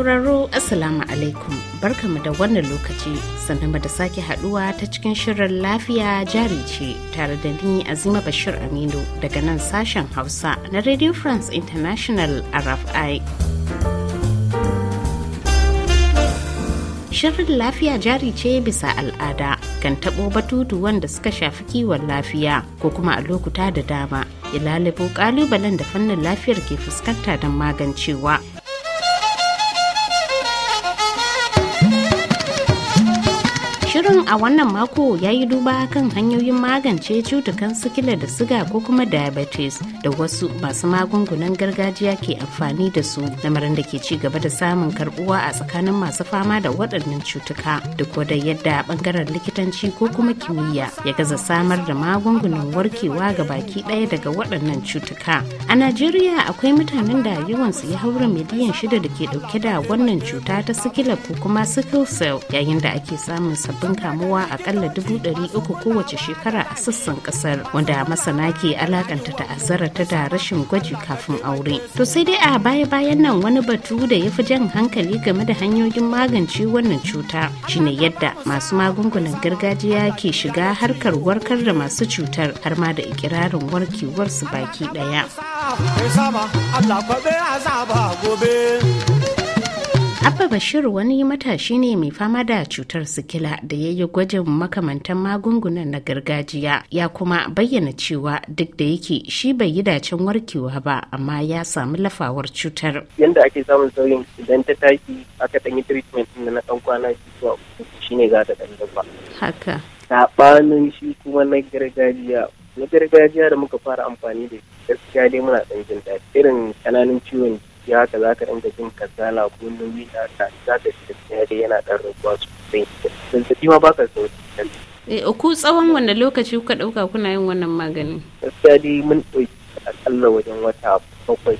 sauraro Assalamu alaikum barkamu da wannan lokaci sannan da sake haduwa ta cikin shirin lafiya jari ce tare da ni Azima Bashir Aminu daga nan sashen Hausa na Radio France International RFI. Shirin lafiya jari ce bisa al'ada kan taɓo batutu wanda suka shafi kiwon lafiya ko kuma a lokuta da dama ilalibu kalubalen da fannin lafiyar ke fuskanta don magancewa Shirin a wannan mako ya yi duba kan hanyoyin magance cutukan sikila da siga ko kuma diabetes da wasu masu magungunan gargajiya ke amfani da su lamarin da ke ci gaba da samun karbuwa a tsakanin masu fama da waɗannan cutuka duk da yadda bangaren likitanci ko kuma kimiyya ya gaza samar da magungunan warkewa ga baki ɗaya daga waɗannan cutuka. A Najeriya akwai mutanen da yawansu ya haura miliyan shida da ke ɗauke da wannan cuta ta sikila ko kuma sickle cell yayin da ake samun sabbin sababbin kamuwa akalla uku kowace shekara a sassan kasar wanda masana ke alakanta ta'azzara ta da rashin gwaji kafin aure. To sai dai a baya-bayan nan wani batu da ya fi jan hankali game da hanyoyin magance wannan cuta shine yadda masu magungunan gargajiya ke shiga harkar warkar da masu cutar har ma da ikirarin warkewarsu baki daya. gobe. Abba Bashir wani matashi ne mai fama da cutar sikila da ya yi gwajin makamantan magungunan na gargajiya ya kuma bayyana cewa duk da yake shi bai yi dacen warkewa ba amma ya samu lafawar cutar. Yanda ake samun sauyin idan ta taki aka ɗan yi treatment na na ɗan kwana zuwa shi ne za ta ɗan dafa. Haka. Saɓanin shi kuma na gargajiya na gargajiya da muka fara amfani da gaskiya dai muna ɗan jin daɗi irin ƙananan ciwon gajiya haka za ka dinga jin kazala ko nauyi na ta za ka ji gaskiya dai yana ɗan rabuwa sosai zazzaɓi ma ba ka sauki eh, ku tsawon wanne lokaci kuka ɗauka kuna yin wannan maganin gaskiya dai mun ɗauki akalla wajen wata bakwai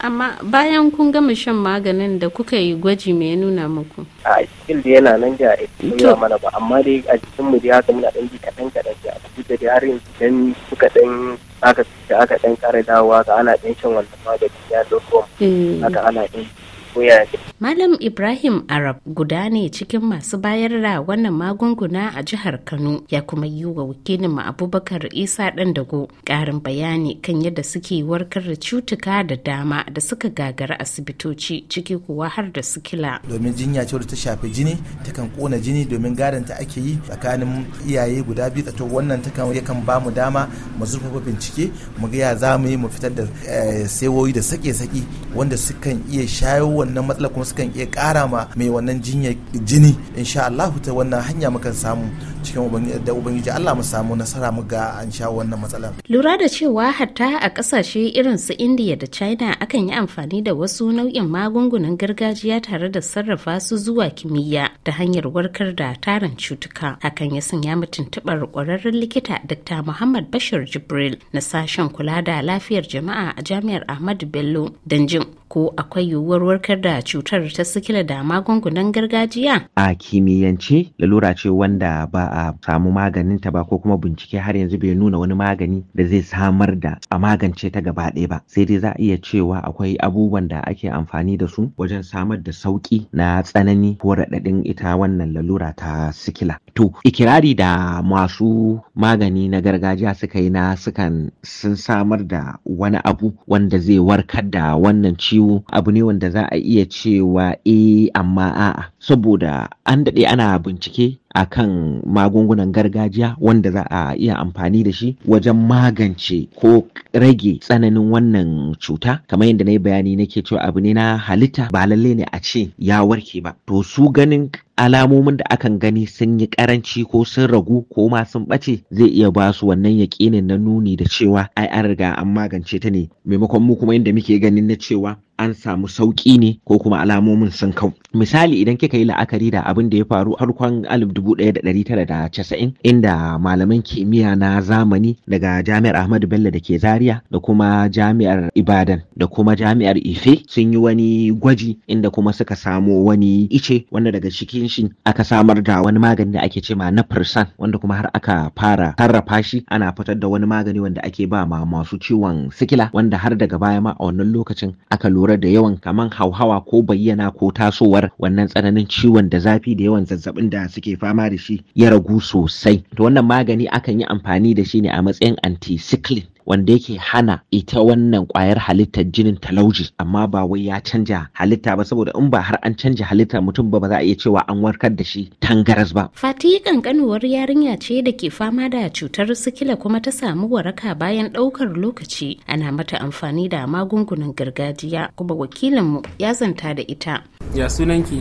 amma bayan kun gama shan maganin da kuka yi gwaji me ya nuna muku a cikin da yana nan da ya mana ba amma dai a cikin mu dai haka muna ɗan ji kaɗan kaɗan da a da har yanzu dan kuka ɗan aka da aka ɗan ƙara dawowa ga ana ɗan shan wannan magani ya ɗauko eh. aka ana ɗin koya Malam Ibrahim Arab guda ne cikin masu bayar da wannan magunguna a jihar Kano ya kuma yi wa wakilin Abubakar Isa ɗan dago ƙarin bayani kan yadda suke warkar da cutuka da dama da suka gagara asibitoci ciki kuwa har da sikila. Domin jinya ce ta shafi jini ta kan kona jini domin gadanta ake yi tsakanin iyaye guda biyu to wannan ta kan yakan ba mu dama mu zurfafa bincike mu ga ya za mu yi mu fitar da eh, sewoyi da sake saki wanda sukan iya shayo wannan matsalar kuma sukan iya ƙara ma mai wannan jinya jini insha Allah ta wannan hanya mukan samu cikin da ubangiji Allah mu samu nasara mu ga an sha wannan matsala Lura da cewa hatta a kasashe irin su India da China akan yi amfani da wasu nau'in magungunan gargajiya tare da sarrafa su zuwa kimiyya da hanyar warkar da tarin cutuka. Hakan ya sanya mu tuntuɓar ƙwararren likita Dr. Muhammad Bashir Jibril na sashen kula da lafiyar jama'a a Jami'ar Ahmadu Bello don ko akwai yiwuwar warkar da cutar ta sikila da magungunan gargajiya? A kimiyyance lalura ce wanda ba a samu maganin ta ba ko kuma bincike har yanzu bai nuna wani magani da zai samar da a magance ta gaba ɗaya ba. Sai dai za a iya cewa akwai abubuwan da ake amfani da su wajen samar da sauki na tsanani ko raɗaɗin ita wannan lalura ta sikila. To, ikirari da masu magani na gargajiya suka yi na sukan sun samar da wani abu wanda zai warkar da wannan ciwo biyu abu ne wanda za a iya cewa eh amma a'a saboda an daɗe ana bincike a kan magungunan gargajiya wanda za a iya amfani da shi wajen magance ko rage tsananin wannan cuta kamar yadda na yi bayani nake cewa abu ne na halitta ba lalle ne a ce ya warke ba to su ganin alamomin da akan gani sun yi karanci ko sun ragu ko ma sun ɓace zai iya ba su wannan yaƙinin na nuni da cewa ai an riga an magance ta ne maimakon mu kuma yadda muke ganin na cewa an samu sauƙi ne ko kuma alamomin sun kau. Misali idan kika yi la'akari da abin da ya faru harkon 1990 inda malaman kimiyya na zamani daga jami'ar Ahmadu Bello da ke Zaria da kuma jami'ar Ibadan da kuma jami'ar Ife sun yi wani gwaji inda kuma suka samu wani ice wanda daga cikin shi aka samar da wani magani da ake cema na persan wanda kuma har aka fara sarrafa shi ana fitar da wani magani wanda ake ba ma masu ciwon sikila wanda har daga baya ma a wannan lokacin aka lura lura da yawan kaman hauhawa ko bayyana ko tasowar wannan tsananin ciwon da zafi da yawan zazzabin da suke fama da shi ya ragu sosai to wannan magani akan yi amfani da shi ne a matsayin anticycline wanda yake hana ita wannan kwayar halittar jinin talauji amma ba wai ya canja halitta ba saboda in ba har an canja halitta mutum ba ba za a iya cewa an warkar da shi tangaras ba. Fati kankanuwar yarinya ce da ke fama da cutar sikila kuma ta samu waraka bayan ɗaukar lokaci ana mata amfani da magungunan gargajiya kuma wakilinmu ya zanta da ita. Ya sunanki?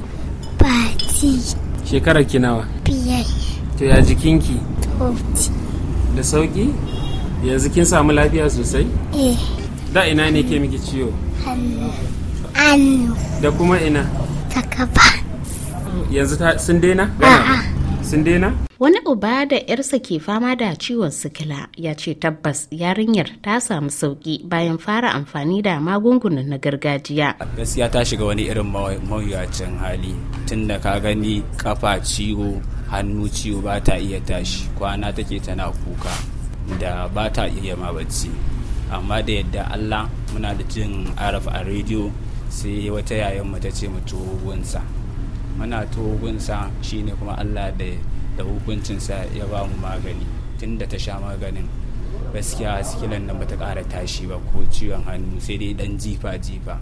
Fati. Shekarar ki nawa? Biyar. To ya jikinki? Da sauki? yanzu kin samu lafiya sosai eh. da ina ne ke miki ciwo hannu da kuma ina ta kafa yanzu sun daina sun daina wani uba da yarsa ke fama da ciwon sikila ya ce tabbas yarinyar ta samu sauki bayan fara amfani da magungunan na gargajiya gaskiya ta shiga wani irin mawuyacin hali tun da ka gani kafa ciwo hannu ciwo ba ta iya tashi kwana take tana kuka da ba ta iya ma bacci amma da yadda allah muna da jin araf a rediyo sai wata yayan mu ta ce mu togunsa muna shi shine kuma allah da hukuncinsa ya ba mu magani tun da ta sha maganin gaskiya a sikilan nan bata kara tashi ba ko ciwon hannu sai dai dan jifa jifa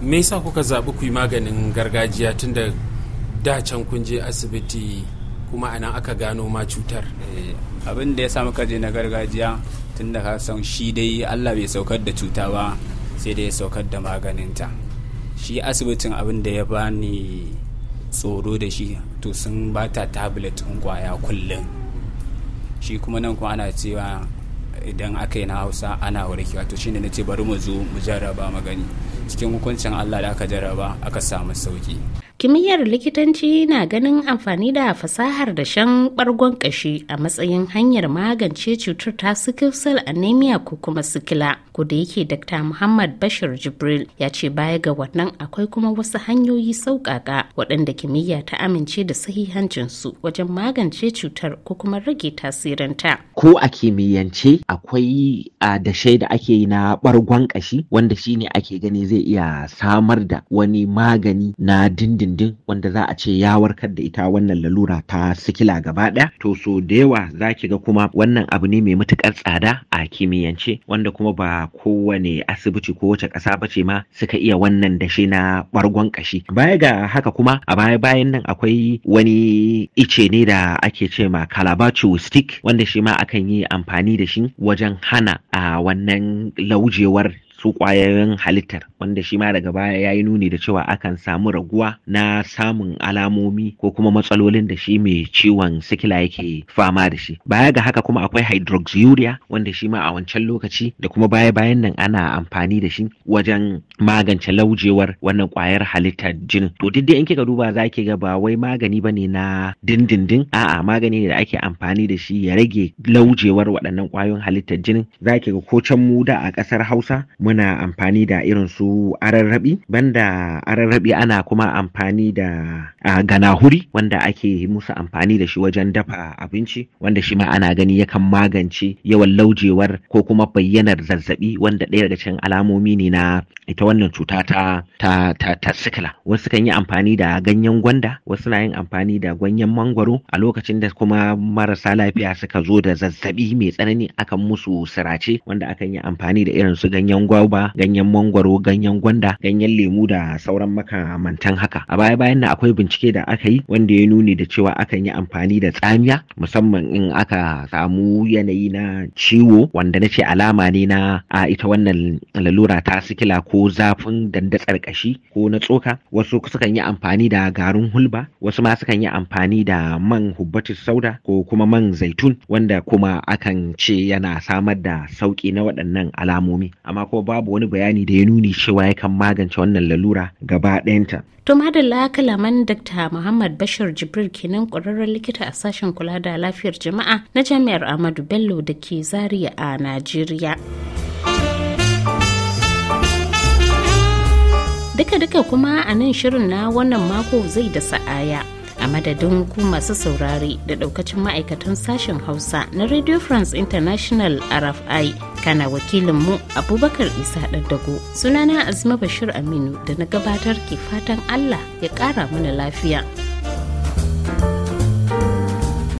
me yasa kuka zaɓi ku yi maganin gargajiya tun da da can kun je asibiti kuma anan aka gano ma cutar eh, abin da ya samu kaje na gargajiya tun da san shi dai allah bai saukar da cuta ba sai dai ya saukar da maganinta shi asibitin abin da ya bani tsoro da shi to sun bata tablet in kwaya kullum shi kuma nan kuma ana cewa idan aka yi na hausa ana warkewa to shine na ce bari mu zo mu jarraba magani cikin hukuncin allah da aka jarraba aka samu sauki kimiyyar likitanci na ganin amfani da fasahar dashen bargon kashi a matsayin hanyar magance cutar ta sikil anemia ko kuma sikila ko da yake dr muhammad bashir jibril ya ce baya ga wannan akwai kuma wasu hanyoyi sauƙaƙa waɗanda kimiyya ta amince da sahihancinsu wajen magance cutar ko kuma rage tasirinta ko a kimiyyance akwai a dashe da ake yi na bargon kashi wanda shine ake gani zai iya samar da wani magani na dindin dindindin wanda za a ce ya warkar da ita wannan lalura ta sikila gaba ɗaya to so da yawa za ki ga kuma wannan abu ne mai matukar tsada a kimiyyance wanda kuma ba kowane asibiti ko wace ƙasa ba ce ma suka iya wannan dashe na ɓargon ƙashi baya ga haka kuma a baya bayan nan akwai wani ice ne da ake ce ma calabacho stick wanda shi ma akan yi amfani da shi wajen hana a wannan laujewar su ƙwayoyin halittar wanda shi ma daga baya ya yi nuni da cewa akan samu raguwa na samun alamomi ko kuma matsalolin da shi mai ciwon sikila yake fama da shi baya ga haka kuma akwai hydroxyuria wanda shi ma a wancan lokaci da kuma baya bayan nan ana amfani da shi wajen magance laujewar wannan ƙwayar halittar jinin to duk dai in kika duba za ki ga ba wai magani bane na dindindin a'a magani ne da ake amfani da shi ya rage laujewar waɗannan ƙwayoyin halittar jinin za ki ga ko can mu da a ƙasar Hausa muna amfani da irin su ararrabi banda ararrabi ana kuma amfani da ganahuri wanda ake musu amfani da shi wajen dafa abinci wanda shi ma ana gani yakan magance yawan laujewar ko kuma bayyanar zazzabi wanda ɗaya daga cikin alamomi ne na ita wannan cuta ta ta ta, ta sikila wasu kan yi amfani da ganyen gwanda wasu na yin amfani da ganyen mangwaro a lokacin da kuma marasa lafiya suka zo da zazzabi mai tsanani akan musu sirace wanda akan yi amfani da irin su ganyen gwa tauba ganyen mangwaro ganyen gwanda ganyen lemu da sauran makamantan haka a baya bayan nan akwai bincike da aka yi wanda ya nuni da cewa akan yi amfani da tsamiya musamman in aka samu yanayi na ciwo wanda na ce alama ne na a ita wannan lalura ta sikila ko zafin dandatsar kashi ko na tsoka wasu sukan yi amfani da garin hulba wasu ma sukan yi amfani da man hubbatus sauda ko kuma man zaitun wanda kuma akan ce yana samar da sauki na waɗannan alamomi amma ko babu wani bayani da ya nuni cewa yakan magance wannan lalura gaba ɗayanta. To madalla kalaman Dr. Muhammad Bashir Jibril kenan ƙwararren likita a sashen kula da lafiyar jama'a na Jami'ar Ahmadu Bello da ke Zaria a Najeriya. Duka-duka kuma a nan shirin na wannan mako zai da sa'aya. a madadin ku masu saurare da ɗaukacin ma'aikatan sashen hausa na radio france international rfi kana wakilinmu abubakar isa ɗaddago sunana azuma bashir aminu da na gabatar ke fatan allah ya ƙara mana lafiya.